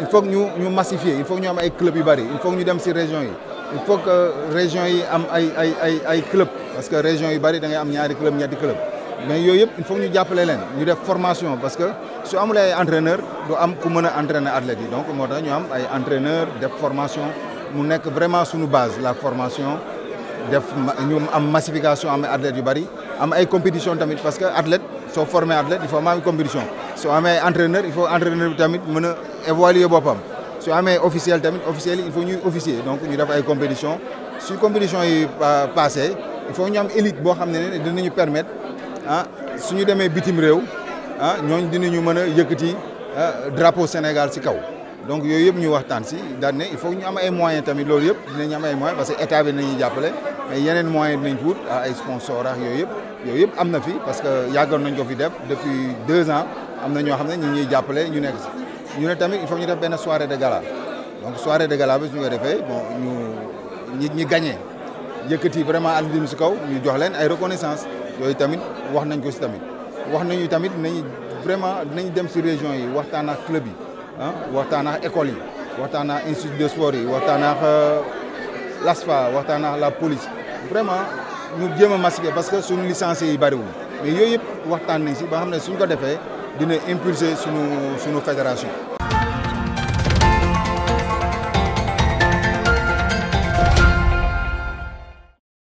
il faut que nous massifions, il faut que nous ayons des clubs yu il faut que nous ayons des régions, il faut que les régions aient ay club parce que région régions bëri da ngay am ñaari club des club mais il faut que nous ayons des ñu formation parce que si nous ay des entraîneurs, nous ku entraîner athlètes donc nous avons des entraîneurs, ay entraîneur def formation sur nekk vraiment base la formation def massification am athlètes yu bari am compétition parce que athlète soo formé athlète il faut ma am compétition soo amee entraîneur il faut entraîneur bi tamit mën a évaluer boppam soo amee officiel tamit officiel il faut ñuy officier donc ñu def ay compétition su compétition yi passé il faut ñu am élite boo xam ne ne dinañu permettre ah suñu demee bitim réew ah ñooñ dinañu mën a yëkkati ah, drapeau Sénégal ci kaw donc yooyu yëpp ñu waxtaan ci daan ne il faut ñu am ay moyens tamit loolu yëpp dinañu am ay moyens parce que état bi dinañuy jàppale mais yeneen moyens dinañ ko wut ah, ay sponsor ak yooyu yëpp yooyu yëpp am fi parce que yàggoon nañ ko fi def depuis deux ans amna ñoo xamne ñi ñu ngi ñuy jàppale ñu nek si ñu né tamit il faut ñu def ben soirée de gala donc soirée de gala bi suñu défé bon ñu ñi ñi gagné yëkëti vraiment albium ci kaw ñu jox leen ay reconnaissance yooyu tamit wax nañ ko ci tamit wax nañu tamit nañu vraiment nañ dem ci région yi waxtaan ak club yi hein waxtaan ak école yi waxtaan ak institut de sport yi waxtaan ak euh, l'ASFA waxtaan ak la police vraiment nous devons parce que suñu licenciés mais yoyep waxtan nañ ba impulser sur nos fédérations